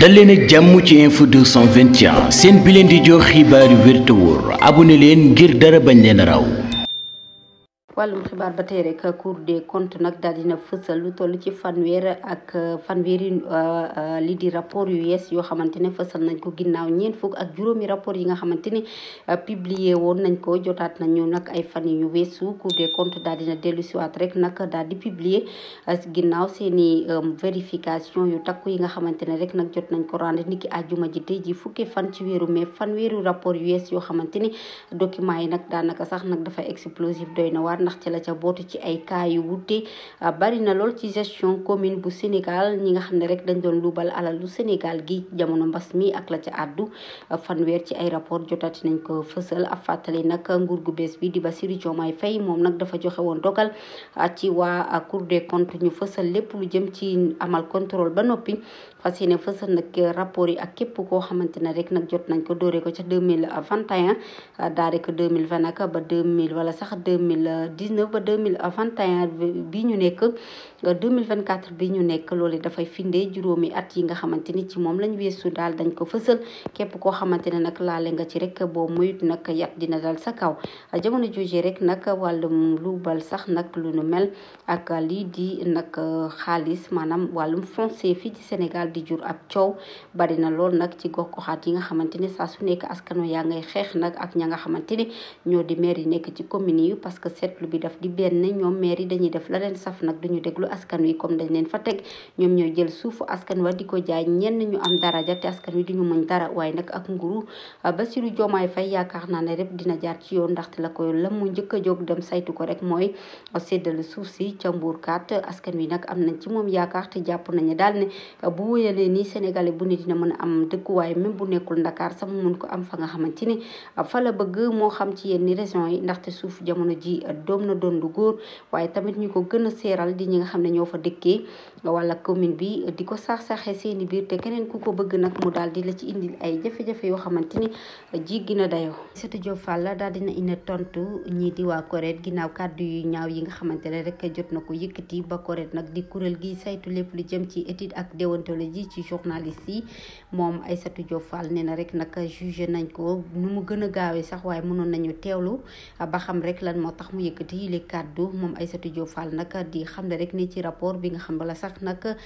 dal leen ak jàmm ci info 221 seen bi leen di jox xibaaru yu abu te leen ngir dara bañ leen raw wàllum xibaar ba tey rek cour de comptes nag daal dina fësal lu toll ci fanweer ak fanweeri euh, euh, li di rapport yu yees yoo xamante ne fësal nañ ko ginnaaw ñeent fukk ak juróomi rapport yi nga xamante ne euh, publié woon nañ ko jotaat nañu nag ay fan yu weesu cour des comptes daal dina dellu siwaat rek nag daal di publier ginnaaw seeni vérification yu takku yi nga xamante ne rek nag jot nañ ko rendre niki àjjuma ji tey ji fan ci weeru mai fanweeri rapport yu yees yoo xamante ne document yi nag daanaka sax nag dafa explosif doy na waar ndax ci la ca bootu ci ay cas yu wuute ah, bari na lool ci gestion commune bu Sénégal ñi nga xam ne rek dañ doon luubal lu Sénégal gi jamono mbas mi ak la ca àddu ah, fanweer ci ay rapport jotaati nañ ko fësal a ah, fàttali nag nguur gu bees bi di Bassirou Diomaye fay moom nag dafa joxe woon dogal ci waa Cour des comptes ñu fësal lépp lu jëm ci amal contrôle ba noppi fas yéene fësal nag rapport yi ak képp koo xamante ne rek nag jot eh, nañ ko dooree ko ca deux mille vingt et un daa rek vingt ba deux mille wala sax deux mille dix neuf ba deux mille vingt et un bi ñu nekk deux mille vingt quatre bi ñu nekk loolu dafay findee at yi nga xamante ni ci moom lañ weesu daal dañ ko fësal képp koo xamante ne nag laale nga ci rek boo muyut nag yat dina dal sa kaw eh, jamono jooju rek nag wàllum lu bal sax nag lu nu mel ak lii di nag xaalis maanaam wàllum fii ci Sénégal di jur ab coow bari na lool nag ci gox goxaat yi nga xamante ni saa su nekk askano yaa ngay xeex nag ak ña nga xamante ñoo di maire yi nekk ci commune yi parce que seetlu bi daf di benn ñoom maire yi dañuy def la leen saf nag duñu déglu askan wi comme dañ leen fa teg ñoom wa di ko jaay ñenn ñu am daraja te askan wi duñu mën dara waaye nag ak nguuru Bassirou Diomaye Faye yaakaar naa ne rek dina jaar ci yoon ndaxte la koy la mu njëkk a jóg dem saytu ko rek mooy si ca mbuurkat askan wi nag am nañ ci moom yaakaar te jàpp nañu daal ne bu ne nii sénégalais bu ne dina mën a am dëkkuwaay même bu nekkul ndakaar sax mu mën ko am fa nga xamante ni euh, fa la bëgg moo xam ci yenn régions yi ndaxte suuf jamono ji euh, doom na doon lu góor waaye tamit ñu ko gën a seeral di ñi nga xam ne ñoo fa dëkkee euh, wala commune bi di ko sax-saxe seeni biir te keneen ku ko bëgg nag mu daal di la ci indil ay jafe yoo xamante ni jiggi na dayoo Aïssatou Diop Fall daal dina ina tontu ñii di waa koreet ginnaaw kàddu yu ñaaw yi nga xamante ne rek jot na ko yëkkati ba koreet nag di kuréel gi saytu lépp lu jëm ci étude ak déontologie jamono ji ci journaliste yi moom ay Diop Fall nee na rek nag jugé nañ ko nu mu gën a gaawee sax waaye mënoon nañu teewlu ba xam rek lan moo tax mu yëkkati yi li kàddu moom Aïssatou Diop Fall nag di xam ne rek ne ci rapport bi nga xam bala sax nag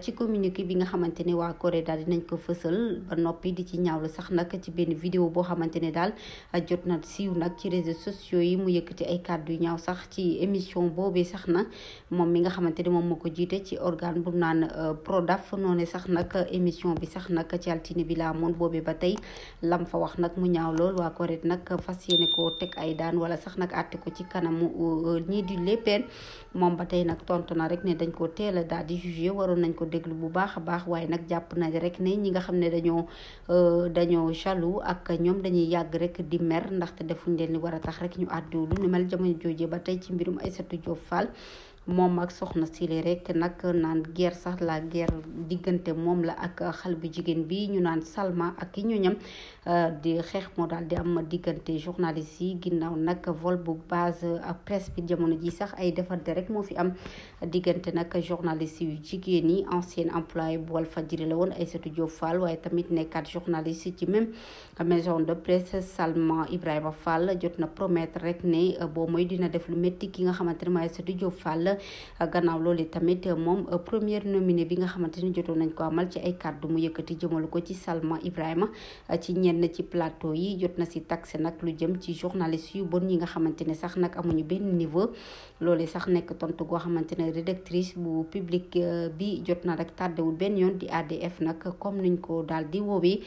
ci communiqué bi nga xamante ne waa Corée daal dinañ ko fësal ba noppi di ci ñaawlu sax nag ci benn vidéo boo xamante ne daal a jot na siiw nag ci réseaux sociaux yi mu yëkkati ay kàddu yu ñaaw sax ci émission boobee sax na moom mi nga xamante ne moom moo ko jiite ci organe bu naan euh, Prodaf noonu ne sax nag émission bi sax nag ci altine bi laa moom boobi ba tey lam fa wax nag mu ñaaw lool waa Corée nag fas yéene ko teg ay daan wala sax nag àtte ko ci kanamu euh, ñii di léppeen moom ba tey nag tontu na rek ne dañ ko teel daal di jugé waroon nañ ko déglu bu baax a baax waaye nag jàpp na rek ne ñi nga xam ne dañoo euh, dañoo jaloux ak ñoom dañuy yàgg rek di mer ndaxte defuñ leen li war a tax rek ñu àddu lu ni mel jamono jooje ba tey ci mbirum Aïssatou Diop Fall moom ak soxna si rek nag naan ger sax laa guerre diggante moom la ak xal bu jigéen bi ñu naan Salma ak i ñoñam euh, di xeex moo daal di am diggante journaliste yi ginnaaw nag vol bu base ak presse bi jamono ji sax ay defante rek moo fi am diggante nag journaliste yu jigéen yi ancien employé bu wal fa Walfadjri la woon Aïssatou Diop Fall waaye tamit nekkaat journaliste ci même maison de presse Salma Ibrahima Fall jot na promettre rek ne euh, boo mooy dina def lu métti ki nga xamante ne mooy Aïssatou Diop Fall gannaaw loolee tamit moom euh, première nominé bi nga xamante ni jotoon nañ ko amal ci ay kàddu mu yëkkati jëmal ko ci Salma Ibrahima euh, ci ñenn ci plateau yi jot na si taxe nag lu jëm ci journaliste yu bon ñi nga xamante ne sax nag amuñu benn niveau loolee sax nekk tontu goo xamante ne rédactrice bu public euh, bi jot na rek tàddewul benn yoon di ADF nag comme niñ ko daal di woowee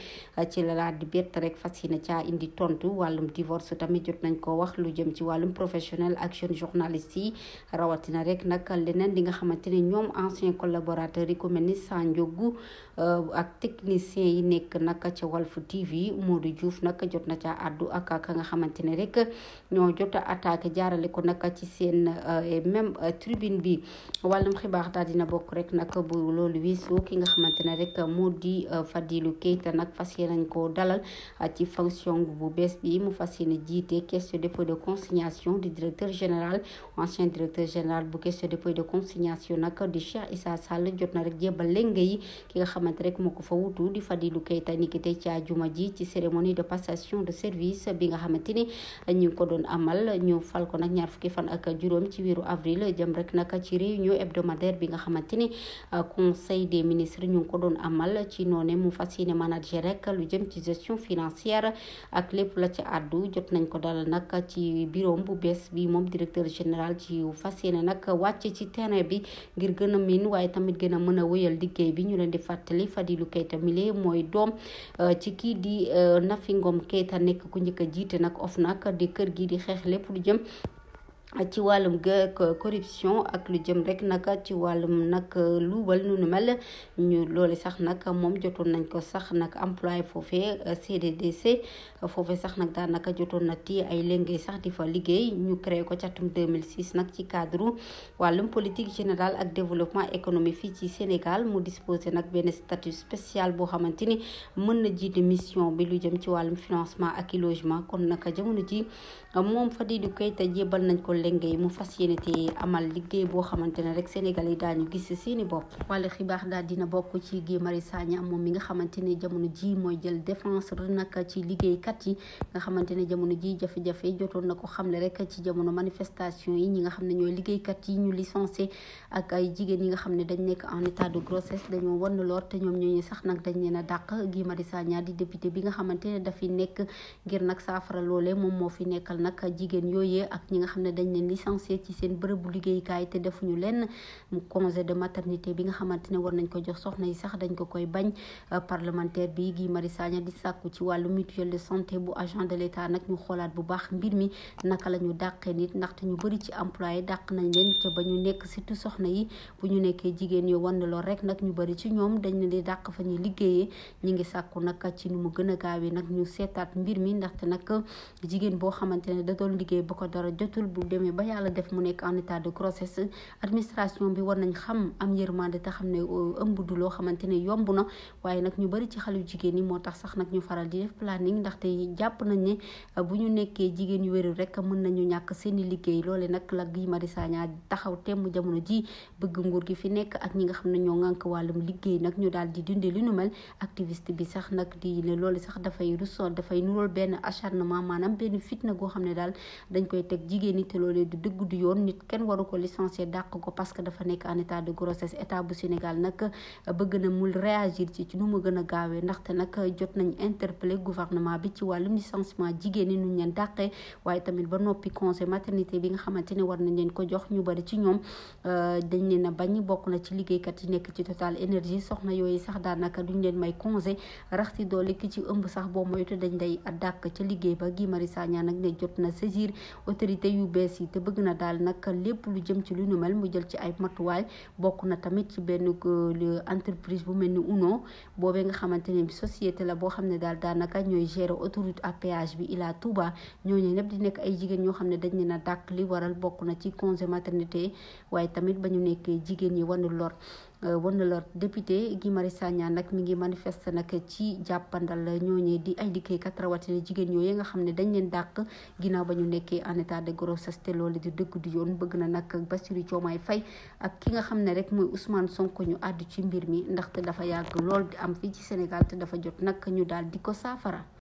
ci la di bett rek fas yéene caa indi tontu wàllum divorce tamit jot nañ ko wax lu jëm ci wàllum professionnel ak jeune journaliste yi rawatina rek. rek nag leneen li nga xamante ne ñoom ancien collaborateur yi ku mel ni Sanjogu euh, ak technicien yi nekk nag ca Walf TV di juuf nag jot na ca addu ak ka nga xamante ne rek ñoo jot a jaarale ko nag ci seen euh, même euh, tribune bi wàllum xibaar daal dina bokk rek nag bu loolu weesoo ki nga xamante ne rek moo di Fadilou Keita nag fas yéene ko dalal ci fonction bu bees bi mu fas yéene jiite caisse de dépôt de consignation du directeur général ancien directeur général bu caisse de dépôt de consignation nag di Cheikh Issa Sall jot na rek jébbal lenge yi ki nga xamante rek moo ko fa wutu di Fadilou Keita ni ki tey ci àjjuma ji ci cérémonie de passation de service bi nga xamante ni ñu ko doon amal ñu fal ko nag ñaar fukki fan ak juróom ci weeru avril jëm rek nag ci réunion hebdomadaire bi nga xamante ni euh, conseil des ministres ñu ngi ko doon amal ci noone mu fas yéene manager rek lu jëm ci gestion financière ak lépp la ci àddu jot nañ ko dalal nag ci bureau bu bees moom directeur général wàcc ci terrain bi ngir gën a miin waaye tamit gën a mën a wëyal liggéey bi ñu leen di fàttali Fadilou Keita mile mooy doom euh, ci kii di euh, Nafi ngoom Keita nekk ku njëkk a jiite nag OFNAC di kër gi di xeex lépp lu jëm ci wàllum gëk corruption ak lu jëm rek nag ci wàllum nag luubal nu nu mel ñu loole sax nag moom jotoon nañ ko sax nag employé foofee CDDC foofee sax nag daanaka jotoon na ti ay lenge sax di fa liggéey ñu créé ko ca atum 2006 nag ci cadre wàllum politique générale ak développement économie fii ci Sénégal mu disposé nag benn statut spécial boo xamante ni mën na jiite mission bi lu jëm ci wàllum financement ak logement kon naka jamono ji moom Fadilou Keita jébal nañ ko. Lengueye mu fas yéene te amal liggéey boo xamante ne rek Sénégal yi daañu gis seeni bopp wala xibaar daal dina bokk ci Guy Marius Sagna moom mi nga xamante ne jamono ji mooy jël défense nag ci liggéeykat yi nga xamante ne jamono ji jafe-jafe jotoon na ko xamle rek ci yi ñi nga xam ne ñooy liggéeykat yi ñu licencié ak ay jigéen yi nga xam ne dañ nekk en état de grossesse dañoo wan lor te ñoom ñooñu sax nag dañ leen a dàq Guy Marius Sagna di député bi nga xamante ne dafi nekk ngir nag saafara loolee moom moo fi nekkal nag jigéen yooyee ak ñi nga xam ne dañ leen licencié ci seen bërëbu liggéeykaay te defuñu leen congé de maternité bi nga xamante ne war nañ ko jox soxna yi sax dañ ko koy bañ euh, parlementaire bi Guy Marius Sagna di sàkku ci wàllu mutuelle de santé bu agent de l'état nag ñu xoolaat bu baax mbir mi naka la ñu dàqee nit ndaxte ñu bari ci employé dàq nañ leen ca ba ñu nekk surtout soxna yi bu ñu nekkee jigéen yo wann lool rek nag ñu bari ci ñoom dañ di dàq fa ñuy liggéeyee ñu ngi sàkku nag ci nu mu gën a gaawee nag ñu seetaat mbir mi ndaxte nag mi ba yàlla def mu nekk en état de grossesse administration bi war nañ xam am yërmande te xam ne euh, ëmb du loo xamante ne yomb na waaye nag ñu bari ci xale yu jigéen ñi moo tax sax nag ñu faral di def planning ndaxte jàpp nañ ne euh, bu ñu nekkee jigéen yu wérul rek mën nañu ñàkk seeni liggéey loole nag la Guy Marius Sagna taxaw temm jamono ji bëgg nguur gi fi nekk ak ñi nga xam ne ñoo ŋànk wàllum liggéey nag ñu dal di dundee li nu mel activiste bi sax nag di ne loolu sax dafay rusool dafay nurool benn acharnement loolee du dëgg du yoon nit kenn waru ko licencier dàq ko parce que dafa nekk en état de grossesse état bu Sénégal nag bëgg na mul réagir ci ci nu mu gën a gaawee ndaxte nag jot nañ interpellé gouvernement bi ci wàllum licenciement jigéen nu ñu leen dàqee waaye tamit ba noppi congé maternité bi nga xamante ne war nañ leen ko jox ñu bari ci ñoom euh, dañ leen a bañ bokk na ci liggéeykat yi nekk ci Total Énergie soxna yooyu sax daanaka duñ leen may congé rax ci doole ki ci ëmb sax boo moytu dañ day dàq ca liggéey ba Guy Marius Sagna nag jot na te bëgg na daal nag lépp lu jëm ci lu nu mel mu jël ci ay matuwaay bokk na tamit ci benn euh, entreprise bu mel ni UNO boobee nga xamante ne bi société la boo xam ne daal daanaka ñooy gérer autoroute à bi Ila Touba ñooñu ñëpp di nekk ay jigéen ñoo xam ne dañ leen a dàkk li waral bokk na ci congé maternité waaye tamit ba ñu nekkee jigéen ñi wan lor wëndalër euh, député Guy Marius Sagna nag mi ngi manifester nag ci jàppandal ñooñee di ay liggéeykat rawatina jigéen yooyu nga xam ne dañ leen dàq ginaaw ba ñu nekkee en état de grossesse te loolu di dëgg du yoon bëgg na nag Bassirou Diomaye Faye ak ki nga xam ne rek mooy Ousmane Sonko ñu àddu ci mbir mi ndaxte dafa yàgg lool di am fii ci Sénégal te dafa jot nag ñu daal di ko saafara.